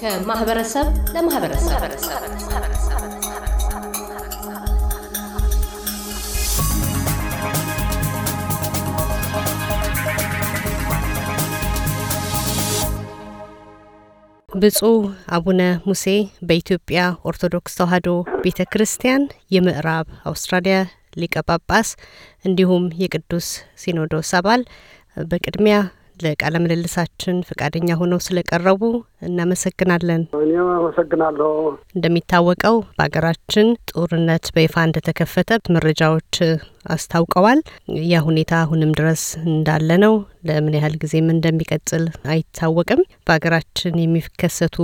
ከማህበረሰብ ለማህበረሰብ ብፁዕ አቡነ ሙሴ በኢትዮጵያ ኦርቶዶክስ ተዋሕዶ ቤተ ክርስቲያን የምዕራብ አውስትራሊያ ሊቀ ጳጳስ እንዲሁም የቅዱስ ሲኖዶስ አባል፣ በቅድሚያ ለቃለ ምልልሳችን ፈቃደኛ ሆነው ስለቀረቡ እናመሰግናለን። እኔም አመሰግናለሁ። እንደሚታወቀው በሀገራችን ጦርነት በይፋ እንደተከፈተ መረጃዎች አስታውቀዋል። ያ ሁኔታ አሁንም ድረስ እንዳለ ነው። ለምን ያህል ጊዜም እንደሚቀጥል አይታወቅም። በሀገራችን የሚከሰቱ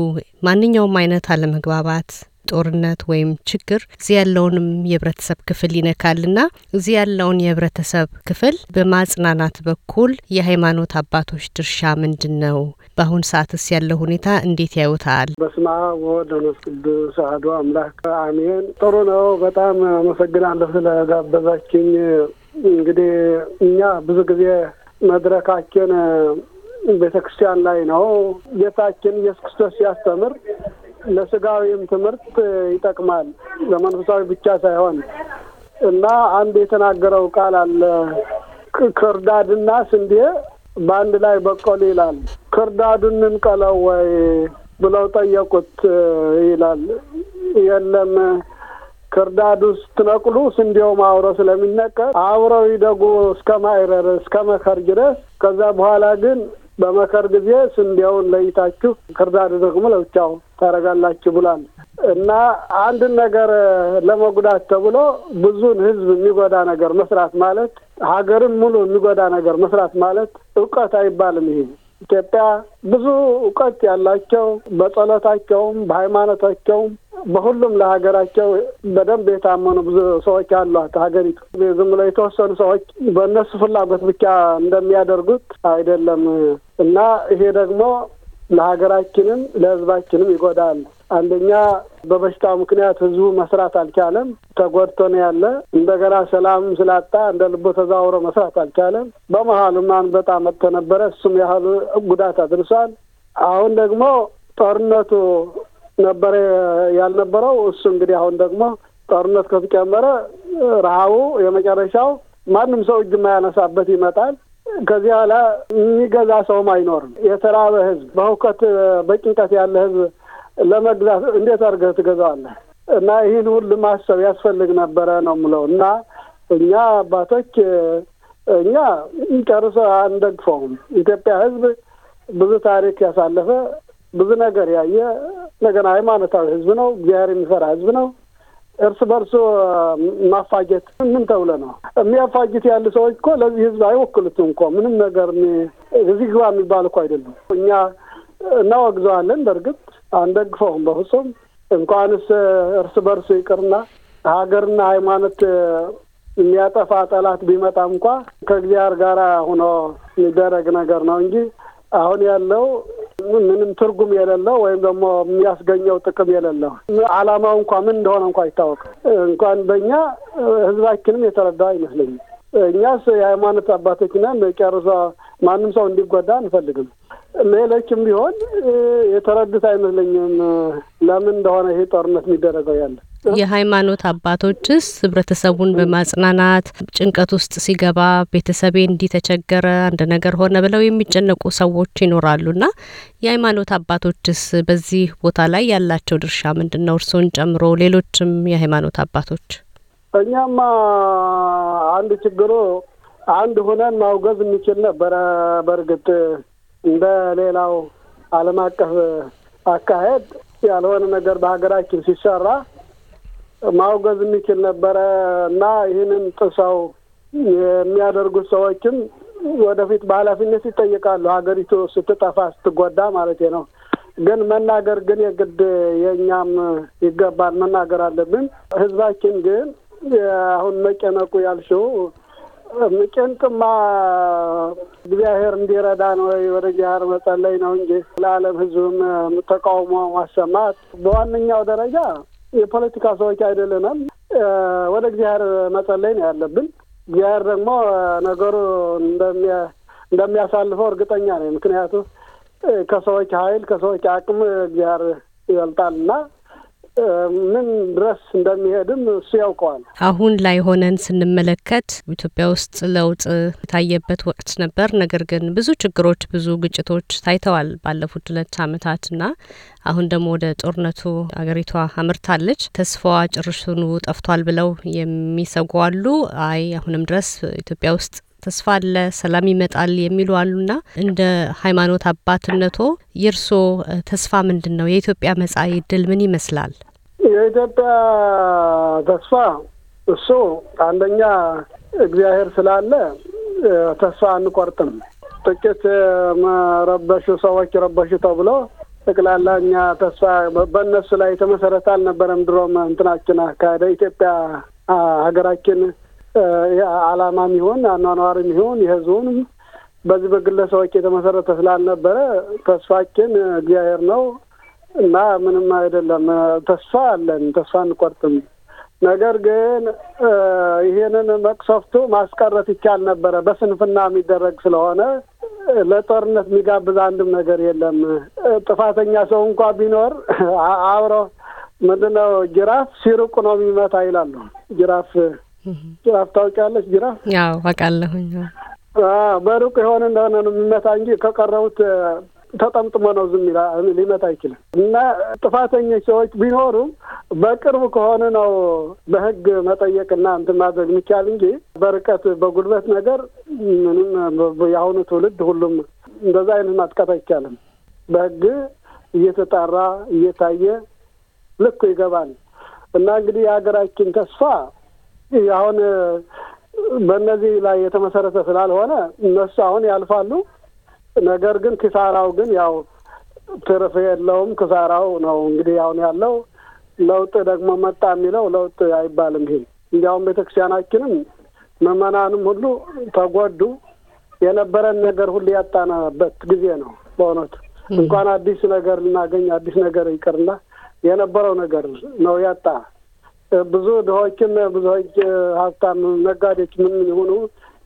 ማንኛውም አይነት አለመግባባት ጦርነት ወይም ችግር እዚህ ያለውንም የህብረተሰብ ክፍል ይነካልና እዚህ ያለውን የህብረተሰብ ክፍል በማጽናናት በኩል የሃይማኖት አባቶች ድርሻ ምንድን ነው? በአሁን ሰዓትስ ያለው ሁኔታ እንዴት ያዩታል? በስመ አብ ወወልድ ወመንፈስ ቅዱስ አሐዱ አምላክ አሜን። ጥሩ ነው። በጣም አመሰግናለሁ ስለጋበዛችኝ። እንግዲህ እኛ ብዙ ጊዜ መድረካችን ቤተ ክርስቲያን ላይ ነው። ጌታችን ኢየሱስ ክርስቶስ ሲያስተምር ለስጋዊም ትምህርት ይጠቅማል ለመንፈሳዊ ብቻ ሳይሆን እና አንድ የተናገረው ቃል አለ ክርዳድና ስንዴ በአንድ ላይ በቆል ይላል። ክርዳዱን እንቀለው ወይ ብለው ጠየቁት ይላል። የለም ክርዳዱ ስትነቅሉ ስንዴውም አብረው ስለሚነቀል አብረው ይደጉ እስከ ማይረር እስከ መከር ድረስ ከዛ በኋላ ግን በመከር ጊዜ ስንዴውን ለይታችሁ ክርዳድ ደግሞ ለብቻው ታረጋላችሁ ብሏል እና አንድን ነገር ለመጉዳት ተብሎ ብዙን ህዝብ የሚጎዳ ነገር መስራት ማለት ሀገርን ሙሉ የሚጎዳ ነገር መስራት ማለት እውቀት አይባልም። ይሄ ኢትዮጵያ ብዙ እውቀት ያላቸው በጸሎታቸውም በሃይማኖታቸውም በሁሉም ለሀገራቸው በደንብ የታመኑ ብዙ ሰዎች አሏት። ሀገሪቱ ዝም ብሎ የተወሰኑ ሰዎች በእነሱ ፍላጎት ብቻ እንደሚያደርጉት አይደለም። እና ይሄ ደግሞ ለሀገራችንም ለህዝባችንም ይጎዳል። አንደኛ በበሽታው ምክንያት ህዝቡ መስራት አልቻለም፣ ተጎድቶ ነው ያለ። እንደገና ሰላም ስላጣ እንደ ልቦ ተዛውሮ መስራት አልቻለም። በመሀሉም አንበጣ መጥቶ ነበረ፣ እሱም ያህል ጉዳት አድርሷል። አሁን ደግሞ ጦርነቱ ነበረ ያልነበረው፣ እሱ እንግዲህ አሁን ደግሞ ጦርነት ከተጨመረ ረሃቡ የመጨረሻው ማንም ሰው እጅ የማያነሳበት ይመጣል። ከዚህ በኋላ የሚገዛ ሰውም አይኖርም። የተራበ ህዝብ፣ በእውቀት በጭንቀት ያለ ህዝብ ለመግዛት እንዴት አድርገህ ትገዛዋለህ? እና ይህን ሁሉ ማሰብ ያስፈልግ ነበረ ነው ምለው እና እኛ አባቶች እኛ ጨርሶ አንደግፈውም። ኢትዮጵያ ህዝብ ብዙ ታሪክ ያሳለፈ ብዙ ነገር ያየ እንደገና ሃይማኖታዊ ህዝብ ነው። እግዚአብሔር የሚፈራ ህዝብ ነው። እርስ በርሶ ማፋጀት ምን ተብለ ነው የሚያፋጅት? ያሉ ሰዎች እኮ ለዚህ ህዝብ አይወክሉትም እኮ ምንም ነገር እዚህ ግባ የሚባል እኮ አይደሉም። እኛ እናወግዘዋለን፣ በእርግጥ አንደግፈውም በፍጹም። እንኳንስ እርስ በርሱ ይቅርና ሀገርና ሃይማኖት የሚያጠፋ ጠላት ቢመጣ እንኳ ከእግዚአብሔር ጋር ሆኖ የሚደረግ ነገር ነው እንጂ አሁን ያለው ምንም ትርጉም የሌለው ወይም ደግሞ የሚያስገኘው ጥቅም የሌለው አላማው እንኳ ምን እንደሆነ እንኳ አይታወቅም። እንኳን በእኛ ህዝባችንም የተረዳው አይመስለኝም። እኛስ የሃይማኖት አባቶችና ጨርሶ ማንም ሰው እንዲጎዳ አንፈልግም። ሌሎችም ቢሆን የተረዱት አይመስለኝም ለምን እንደሆነ ይሄ ጦርነት የሚደረገው ያለ። የሃይማኖት አባቶችስ ህብረተሰቡን በማጽናናት ጭንቀት ውስጥ ሲገባ ቤተሰቤ እንዲህ ተቸገረ፣ አንድ ነገር ሆነ ብለው የሚጨነቁ ሰዎች ይኖራሉና የሃይማኖት አባቶችስ በዚህ ቦታ ላይ ያላቸው ድርሻ ምንድን ነው? እርስን ጨምሮ ሌሎችም የሃይማኖት አባቶች። እኛማ አንድ ችግሩ አንድ ሆነን ማውገዝ የሚችል ነበረ በእርግጥ ሌላው ዓለም አቀፍ አካሄድ ያልሆነ ነገር በሀገራችን ሲሰራ ማውገዝ የሚችል ነበረ እና ይህንን ጥሰው የሚያደርጉት ሰዎችም ወደፊት በኃላፊነት ይጠየቃሉ። ሀገሪቱ ስትጠፋ ስትጎዳ ማለት ነው። ግን መናገር ግን የግድ የእኛም ይገባል፣ መናገር አለብን። ህዝባችን ግን አሁን መጨነቁ ያልሽው ጭንቅማ እግዚአብሔር እንዲረዳን ወይ ወደ እግዚአብሔር መጸለይ ነው እንጂ ለዓለም ሕዝብም ተቃውሞ ማሰማት በዋነኛው ደረጃ የፖለቲካ ሰዎች አይደለንም። ወደ እግዚአብሔር መጸለይ ነው ያለብን። እግዚአብሔር ደግሞ ነገሩ እንደሚያሳልፈው እርግጠኛ ነኝ። ምክንያቱም ከሰዎች ኃይል ከሰዎች አቅም እግዚአብሔር እና ምን ድረስ እንደሚሄድም እሱ ያውቀዋል። አሁን ላይ ሆነን ስንመለከት ኢትዮጵያ ውስጥ ለውጥ የታየበት ወቅት ነበር። ነገር ግን ብዙ ችግሮች፣ ብዙ ግጭቶች ታይተዋል ባለፉት ሁለት አመታት እና አሁን ደግሞ ወደ ጦርነቱ አገሪቷ አምርታለች። ተስፋዋ ጭርሽኑ ጠፍቷል ብለው የሚሰጉ አሉ። አይ አሁንም ድረስ ኢትዮጵያ ውስጥ ተስፋ አለ፣ ሰላም ይመጣል የሚሉ አሉና እንደ ሃይማኖት አባትነቶ የእርሶ ተስፋ ምንድን ነው? የኢትዮጵያ መጻኢ ዕድል ምን ይመስላል? የኢትዮጵያ ተስፋ እሱ አንደኛ እግዚአብሔር ስላለ ተስፋ አንቆርጥም። ጥቂት መረበሹ ሰዎች ረበሹ ተብሎ ጠቅላላ እኛ ተስፋ በእነሱ ላይ የተመሰረተ አልነበረም። ድሮም እንትናችን አካሄደ ኢትዮጵያ ሀገራችን አላማ ይሆን አኗኗር ይሆን የህዝቡም በዚህ በግለሰቦች የተመሰረተ ስላልነበረ ተስፋችን እግዚአብሔር ነው እና ምንም አይደለም። ተስፋ አለን፣ ተስፋ አንቆርጥም። ነገር ግን ይሄንን መቅሰፍቱ ማስቀረት ይቻል ነበረ። በስንፍና የሚደረግ ስለሆነ ለጦርነት የሚጋብዝ አንድም ነገር የለም። ጥፋተኛ ሰው እንኳ ቢኖር አብረው ምንድነው ጅራፍ ሲርቁ ነው የሚመታ ይላሉ ጅራፍ ጅራፍ ታውቂያለሽ? ጅራፍ ያው አውቃለሁኝ። በሩቅ የሆነ እንደሆነ ነው የሚመታ እንጂ ከቀረቡት ተጠምጥሞ ነው ዝም ሊመታ አይችልም። እና ጥፋተኞች ሰዎች ቢኖሩም በቅርብ ከሆነ ነው በህግ መጠየቅና እንትን ማድረግ የሚቻል እንጂ በርቀት በጉልበት ነገር ምንም የአሁኑ ትውልድ ሁሉም እንደዛ አይነት ማጥቃት አይቻልም። በህግ እየተጣራ እየታየ ልኩ ይገባል። እና እንግዲህ የሀገራችን ተስፋ አሁን በእነዚህ ላይ የተመሰረተ ስላልሆነ እነሱ አሁን ያልፋሉ። ነገር ግን ኪሳራው ግን ያው ትርፍ የለውም፣ ክሳራው ነው እንግዲህ አሁን ያለው። ለውጥ ደግሞ መጣ የሚለው ለውጥ አይባልም። ይሄ እንዲያውም ቤተክርስቲያናችንም ምዕመናንም ሁሉ ተጎዱ። የነበረን ነገር ሁሉ ያጣናበት ጊዜ ነው። በእውነቱ እንኳን አዲስ ነገር ልናገኝ አዲስ ነገር ይቅርና የነበረው ነገር ነው ያጣ ብዙ ድሆችም ብዙ ሀብታም ነጋዴዎች ምን የሆኑ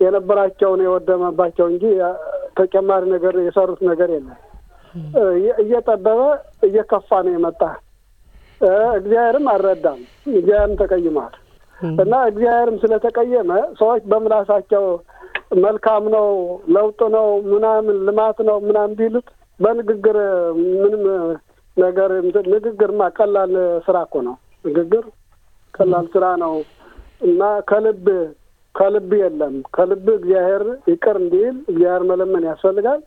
የነበራቸውን የወደመባቸው እንጂ ተጨማሪ ነገር የሰሩት ነገር የለም። እየጠበበ እየከፋ ነው የመጣ። እግዚአብሔርም አልረዳም፣ እግዚአብሔርም ተቀይሟል። እና እግዚአብሔርም ስለተቀየመ ሰዎች በምላሳቸው መልካም ነው፣ ለውጥ ነው፣ ምናምን ልማት ነው ምናምን ቢሉት በንግግር ምንም ነገር ንግግርማ ቀላል ስራ እኮ ነው ንግግር ቀላል ስራ ነው እና ከልብ ከልብ የለም ከልብ እግዚአብሔር ይቅር እንዲል እግዚአብሔር መለመን ያስፈልጋል።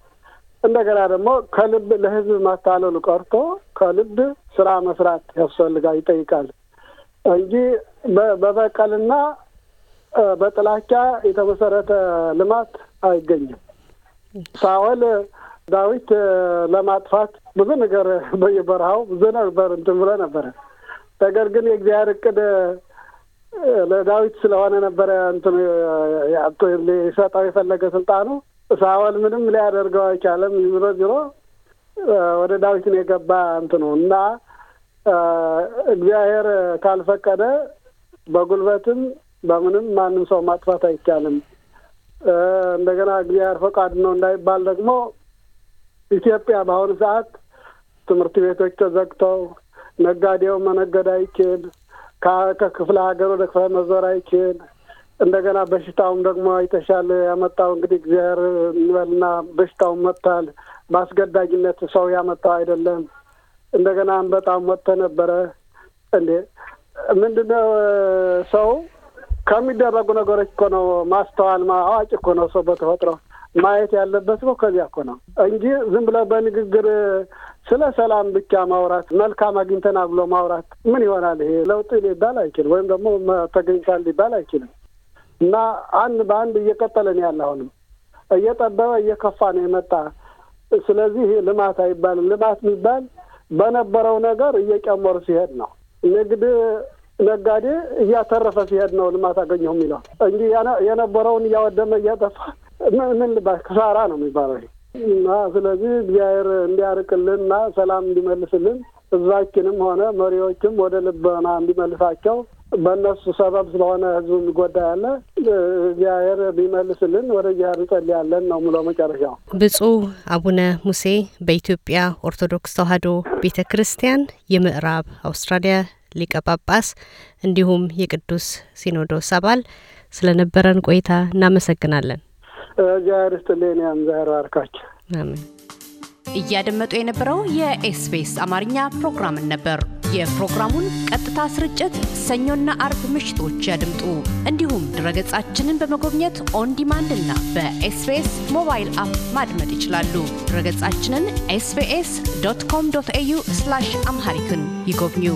እንደገና ደግሞ ከልብ ለህዝብ ማታለሉ ቀርቶ ከልብ ስራ መስራት ያስፈልጋል ይጠይቃል እንጂ በበቀልና በጥላቻ የተመሰረተ ልማት አይገኝም። ሳወል ዳዊት ለማጥፋት ብዙ ነገር በየበረሃው ብዙ ነበር እንትን ብሎ ነበረ። ነገር ግን የእግዚአብሔር እቅድ ለዳዊት ስለሆነ ነበረ እንትኑ ሊሰጠው የፈለገ ስልጣኑ። ሳወል ምንም ሊያደርገው አይቻለም። ዞሮ ዞሮ ወደ ዳዊትን የገባ እንትኑ እና እግዚአብሔር ካልፈቀደ በጉልበትም በምንም ማንም ሰው ማጥፋት አይቻልም። እንደገና እግዚአብሔር ፈቃድ ነው እንዳይባል ደግሞ ኢትዮጵያ በአሁኑ ሰዓት ትምህርት ቤቶች ተዘግተው ነጋዴው መነገድ አይችል፣ ከክፍለ ሀገር ወደ ክፍለ መዞር አይችል። እንደገና በሽታውም ደግሞ አይተሻል ያመጣው እንግዲህ እግዚአብሔር እንበልና በሽታውም መጥታል። በአስገዳጅነት ሰው ያመጣው አይደለም። እንደገና አንበጣም ወጥተ ነበረ እንዴ ምንድነው ሰው ከሚደረጉ ነገሮች እኮ ነው ማስተዋል አዋጭ እኮ ነው ሰው በተፈጥሮ ማየት ያለበት ነው። ከዚያ እኮ ነው እንጂ ዝም ብለህ በንግግር ስለ ሰላም ብቻ ማውራት መልካም አግኝተና ብሎ ማውራት ምን ይሆናል? ይሄ ለውጥ ሊባል አይችልም፣ ወይም ደግሞ ተገኝቷል ሊባል አይችልም። እና አንድ በአንድ እየቀጠለ ነው ያለ፣ አሁንም እየጠበበ እየከፋ ነው የመጣ። ስለዚህ ልማት አይባልም። ልማት የሚባል በነበረው ነገር እየጨመሩ ሲሄድ ነው። ንግድ ነጋዴ እያተረፈ ሲሄድ ነው ልማት አገኘሁ የሚለው እንጂ የነበረውን እያወደመ እያጠፋ ምን ልባል ክሳራ ነው የሚባለው። ስለዚህ እግዚአብሔር እንዲያርቅልን እና ሰላም እንዲመልስልን ህዝባችንም ሆነ መሪዎችም ወደ ልበና እንዲመልሳቸው በእነሱ ሰበብ ስለሆነ ህዝቡ የሚጎዳ ያለ እግዚአብሔር ቢመልስልን ወደ እግዚአብሔር እንጸልያለን ነው ምሎ መጨረሻው። ብፁዕ አቡነ ሙሴ በኢትዮጵያ ኦርቶዶክስ ተዋሕዶ ቤተ ክርስቲያን የምዕራብ አውስትራሊያ ሊቀ ጳጳስ እንዲሁም የቅዱስ ሲኖዶስ አባል ስለነበረን ቆይታ እናመሰግናለን። እግዚአብሔር ይስጥልኝ። ያም ዛሬ እያደመጡ የነበረው የኤስቢኤስ አማርኛ ፕሮግራምን ነበር። የፕሮግራሙን ቀጥታ ስርጭት ሰኞና አርብ ምሽቶች ያድምጡ። እንዲሁም ድረገጻችንን በመጎብኘት ኦን እና በኤስቢኤስ ሞባይል አፕ ማድመጥ ይችላሉ። ድረገጻችንን ኤስቢኤስ ዶት ኮም ኤዩ አምሃሪክን ይጎብኙ።